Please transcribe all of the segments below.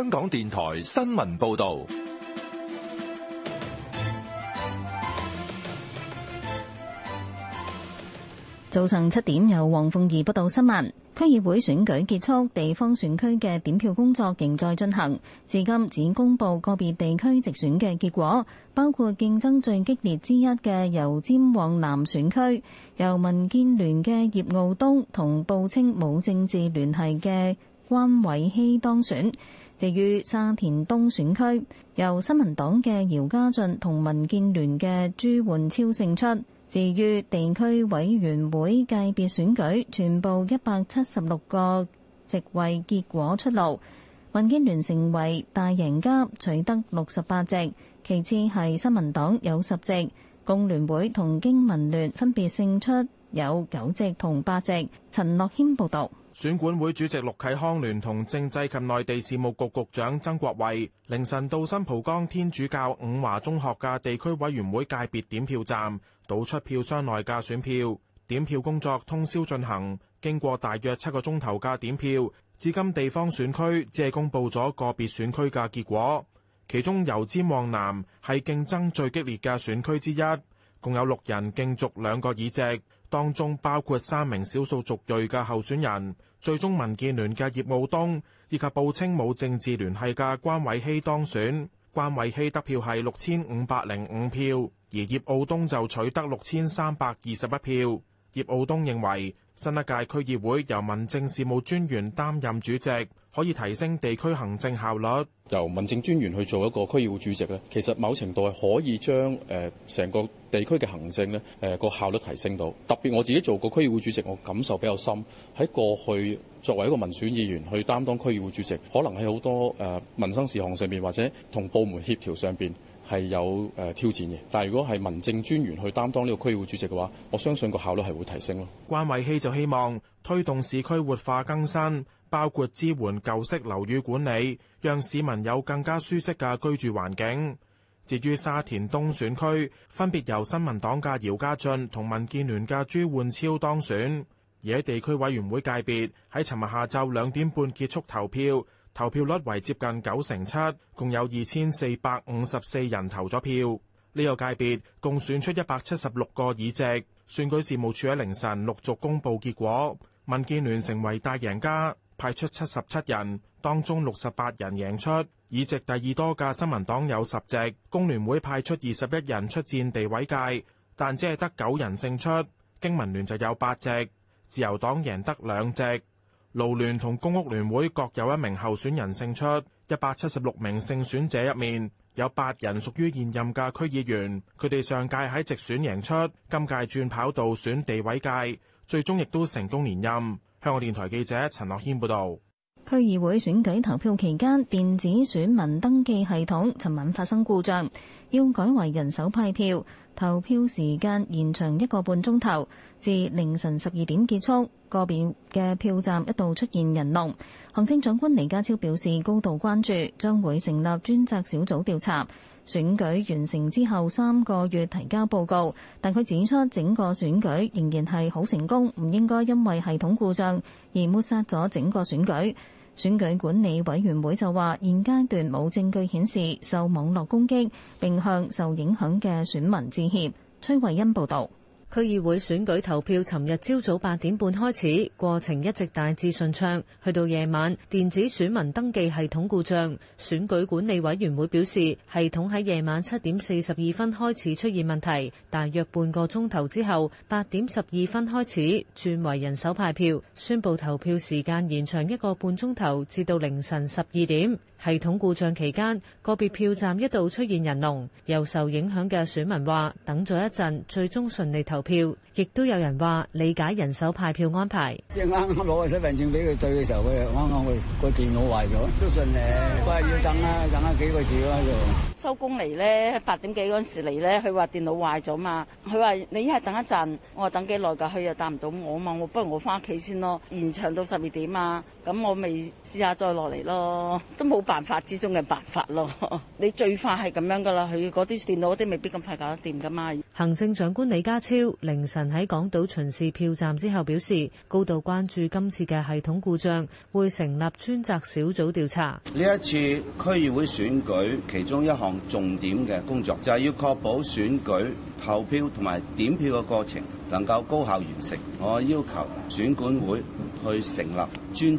香港電台新聞報道：早上七點，由黃鳳儀報道新聞。區議會選舉結束，地方選區嘅點票工作仍在進行，至今只公布個別地區直選嘅結果，包括競爭最激烈之一嘅油尖旺南選區，由民建聯嘅葉傲東同報稱冇政治聯繫嘅關偉希當選。至於沙田東選區，由新民黨嘅姚家俊同民建聯嘅朱煥超勝出。至於地區委員會界別選舉，全部一百七十六個席位結果出爐，民建聯成為大贏家，取得六十八席，其次係新民黨有十席，工聯會同經民聯分別勝出有九席同八席。陳樂軒報導。選管會主席陸啟康聯同政制及內地事務局局長曾國衛，凌晨到新蒲崗天主教伍華中學嘅地區委員會界別點票站，倒出票箱內嘅選票。點票工作通宵進行，經過大約七個鐘頭嘅點票，至今地方選區只係公布咗個別選區嘅結果。其中油尖旺南係競爭最激烈嘅選區之一，共有六人競逐兩個議席，當中包括三名少數族裔嘅候選人。最終，民建聯嘅葉傲東以及報稱冇政治聯繫嘅關偉希當選。關偉希得票係六千五百零五票，而葉傲東就取得六千三百二十一票。葉傲東認為，新一屆區議會由民政事務專員擔任主席，可以提升地區行政效率。由民政專員去做一個區議會主席咧，其實某程度係可以將誒，成個地區嘅行政咧誒個效率提升到。特別我自己做過區議會主席，我感受比較深。喺過去作為一個民選議員去擔當區議會主席，可能喺好多誒民生事項上邊或者同部門協調上邊，係有挑戰嘅，但如果係民政專員去擔當呢個區議會主席嘅話，我相信個效率係會提升咯。關惠希就希望推動市區活化更新，包括支援舊式樓宇管理，讓市民有更加舒適嘅居住環境。至於沙田東選區，分別由新民黨嘅姚家俊同民建聯嘅朱煥超當選，而喺地區委員會界別，喺尋日下晝兩點半結束投票。投票率為接近九成七，共有二千四百五十四人投咗票。呢、這個界別共選出一百七十六個議席。選舉事務處喺凌晨陸續公佈結果，民建聯成為大贏家，派出七十七人，當中六十八人贏出。議席第二多嘅新民黨有十席，工聯會派出二十一人出戰地位界，但只係得九人勝出。經民聯就有八席，自由黨贏得兩席。勞聯同公屋聯會各有一名候選人勝出，一百七十六名勝選者入面有八人屬於現任嘅區議員，佢哋上屆喺直選贏出，今屆轉跑道選地委界，最終亦都成功連任。香港電台記者陳樂謙報道。區議會選舉投票期間，電子選民登記系統尋晚發生故障，要改為人手派票。投票時間延長一個半鐘頭，至凌晨十二點結束。個別嘅票站一度出現人龍。行政長官李家超表示高度關注，將會成立專責小組調查，選舉完成之後三個月提交報告。但佢指出，整個選舉仍然係好成功，唔應該因為系統故障而抹殺咗整個選舉。選舉管理委員會就話：現階段冇證據顯示受網絡攻擊，並向受影響嘅選民致歉。崔慧欣報導。區議會選舉投票尋日朝早八點半開始，過程一直大致順暢。去到夜晚，電子選民登記系統故障，選舉管理委員會表示系統喺夜晚七點四十二分開始出現問題，大約半個鐘頭之後，八點十二分開始轉為人手派票，宣布投票時間延長一個半鐘頭，至到凌晨十二點。系統故障期間，個別票站一度出現人龍。又受影響嘅選民話：等咗一陣，最終順利投票。亦都有人話理解人手派票安排。即係啱啱攞個身份證俾佢對嘅時候，佢又啱啱佢個電腦壞咗，都順利。佢係要等啊，等啊幾個字咯就。收工嚟咧，八點幾嗰陣時嚟咧，佢話電腦壞咗嘛。佢話你一係等一陣，我話等幾耐噶，佢又答唔到我嘛。我不如我翻屋企先咯。延長到十二點啊，咁我咪試下再落嚟咯。都冇。辦法之中嘅辦法咯，你最快係咁樣噶啦，佢嗰啲電腦嗰啲未必咁快搞得掂噶嘛。行政長官李家超凌晨喺港島巡視票站之後表示，高度關注今次嘅系統故障，會成立專責小組調查。呢一次區議會選舉其中一項重點嘅工作，就係要確保選舉投票同埋點票嘅過程能夠高效完成。我要求選管會去成立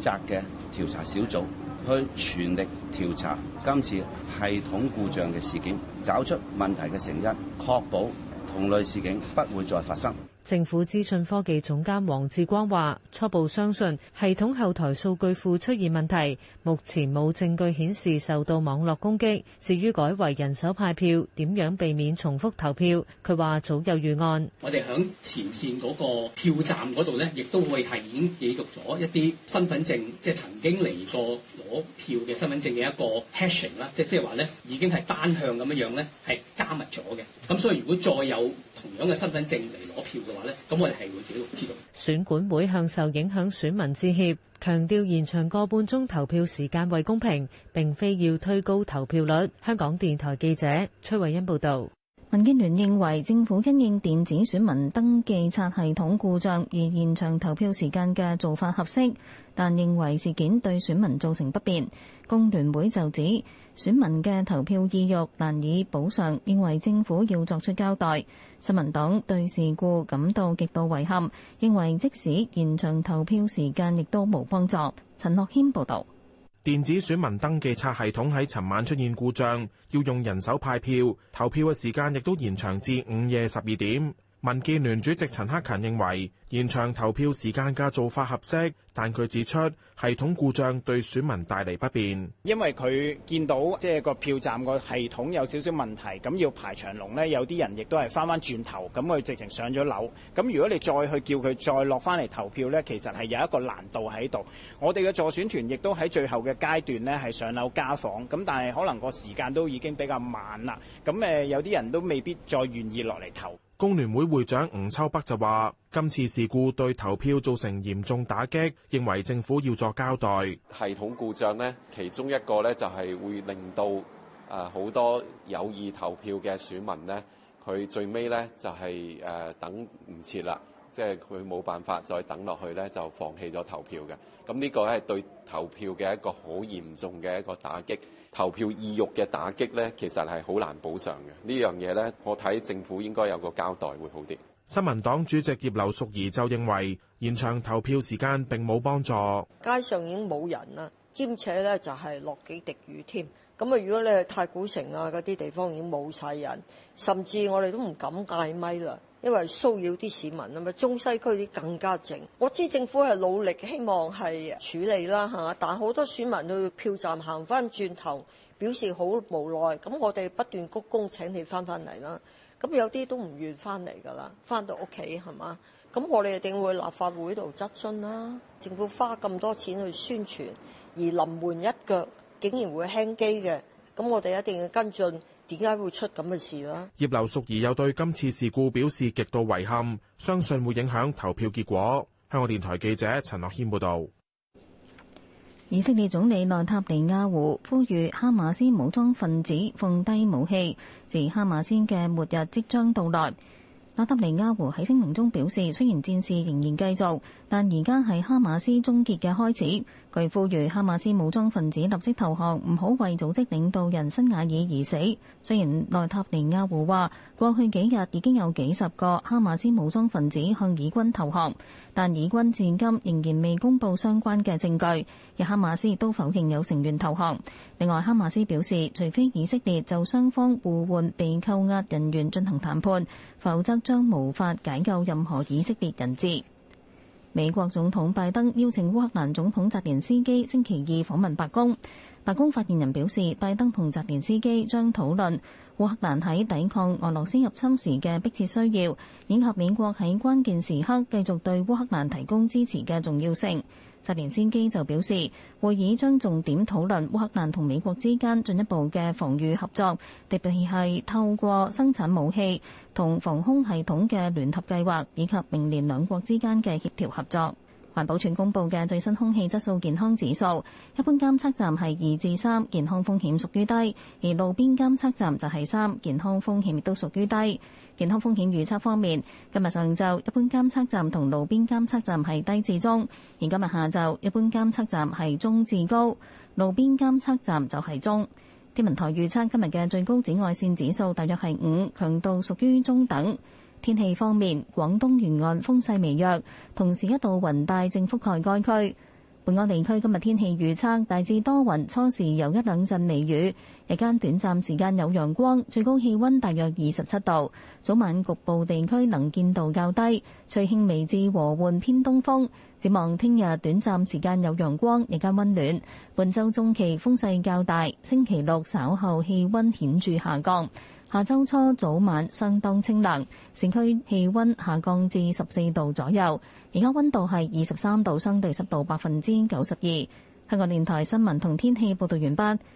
專責嘅調查小組。去全力調查今次系統故障嘅事件，找出問題嘅成因，確保同類事件不會再發生。政府資訊科技總監黃志光話：初步相信系統後台數據庫出現問題，目前冇證據顯示受到網絡攻擊。至於改為人手派票，點樣避免重複投票？佢話早有預案。我哋響前線嗰個票站嗰度呢，亦都會係已經記錄咗一啲身份證，即係曾經嚟過攞票嘅身份證嘅一個 hashing 啦，即即係話呢已經係單向咁樣樣咧係加密咗嘅。咁所以如果再有同樣嘅身份證嚟攞票嘅話，咁我哋係會記錄。選管會向受影響選民致歉，強調延長個半鐘投票時間為公平，並非要推高投票率。香港電台記者崔慧欣報道，民建聯認為政府因應電子選民登記冊系統故障而延長投票時間嘅做法合適，但認為事件對選民造成不便。工聯會就指，選民嘅投票意欲難以補償，認為政府要作出交代。新民黨對事故感到極度遺憾，認為即使延長投票時間，亦都冇幫助。陳樂軒報導，電子選民登記冊系統喺尋晚出現故障，要用人手派票，投票嘅時間亦都延長至午夜十二點。民建聯主席陳克勤認為現場投票時間嘅做法合適，但佢指出系統故障對選民帶嚟不便，因為佢見到即係個票站個系統有少少問題，咁要排長龍呢，有啲人亦都係翻翻轉頭咁，佢直情上咗樓。咁如果你再去叫佢再落翻嚟投票呢，其實係有一個難度喺度。我哋嘅助選團亦都喺最後嘅階段呢，係上樓家訪咁，但係可能個時間都已經比較慢啦。咁誒，有啲人都未必再願意落嚟投。工聯會會長吳秋北就話：今次事故對投票造成嚴重打擊，認為政府要作交代。系統故障呢，其中一個呢，就係會令到誒好多有意投票嘅選民呢，佢最尾呢，就係誒等唔切啦。即係佢冇辦法再等落去咧，就放棄咗投票嘅。咁呢個咧對投票嘅一個好嚴重嘅一個打擊，投票意欲嘅打擊咧，其實係好難補償嘅。呢樣嘢咧，我睇政府應該有個交代會好啲。新民黨主席葉劉淑儀就認為延長投票時間並冇幫助。街上已經冇人啦，兼且咧就係落幾滴雨添。咁啊，如果你去太古城啊嗰啲地方已經冇晒人，甚至我哋都唔敢嗌咪啦。因為騷擾啲市民啊嘛，中西區啲更加靜。我知政府係努力，希望係處理啦吓，但好多選民去票站行翻轉頭，表示好無奈。咁我哋不斷鞠躬請你翻翻嚟啦。咁有啲都唔願翻嚟㗎啦，翻到屋企係嘛？咁我哋一定會立法會度質詢啦。政府花咁多錢去宣傳，而臨門一腳，竟然會輕機嘅。咁我哋一定要跟進，點解會出咁嘅事咧？葉劉淑儀又對今次事故表示極度遺憾，相信會影響投票結果。香港電台記者陳樂軒報導。以色列總理內塔尼亞胡呼籲哈馬斯武裝分子放低武器，自哈馬斯嘅末日即將到來。內塔尼亞胡喺聲明中表示，雖然戰事仍然繼續，但而家係哈馬斯終結嘅開始。據呼籲哈馬斯武裝分子立即投降，唔好為組織領導人辛瓦爾而死。雖然內塔尼亞胡話過去幾日已經有幾十個哈馬斯武裝分子向以軍投降，但以軍至今仍然未公佈相關嘅證據，而哈馬斯亦都否認有成員投降。另外，哈馬斯表示，除非以色列就雙方互換被扣押人員進行談判，否則將無法解救任何以色列人質。美國總統拜登邀請烏克蘭總統澤連斯基星期二訪問白宮。白宮發言人表示，拜登同澤連斯基將討論烏克蘭喺抵抗俄羅斯入侵時嘅迫切需要，以及美國喺關鍵時刻繼續對烏克蘭提供支持嘅重要性。澤連斯基就表示，會議將重點討論烏克蘭同美國之間進一步嘅防禦合作，特別係透過生產武器同防空系統嘅聯合計劃，以及明年兩國之間嘅協調合作。保全公布嘅最新空氣質素健康指數，一般監測站係二至三，健康風險屬於低；而路邊監測站就係三，健康風險亦都屬於低。健康風險預測方面，今日上晝一般監測站同路邊監測站係低至中，而今日下晝一般監測站係中至高，路邊監測站就係中。天文台預測今日嘅最高紫外線指數大約係五，強度屬於中等。天氣方面，廣東沿岸風勢微弱，同時一道雲帶正覆蓋該區。本澳地區今日天，天氣預測大致多雲，初時有一兩陣微雨，日間短暫時間有陽光，最高氣温大約二十七度。早晚局部地區能見度較低，吹輕微至和緩偏東風。展望聽日短暫時間有陽光，日間温暖。本周中期風勢較大，星期六稍後氣温顯著下降。下周初早晚相當清涼，城區氣溫下降至十四度左右。而家溫度係二十三度，相對濕度百分之九十二。香港電台新聞同天氣報道完畢。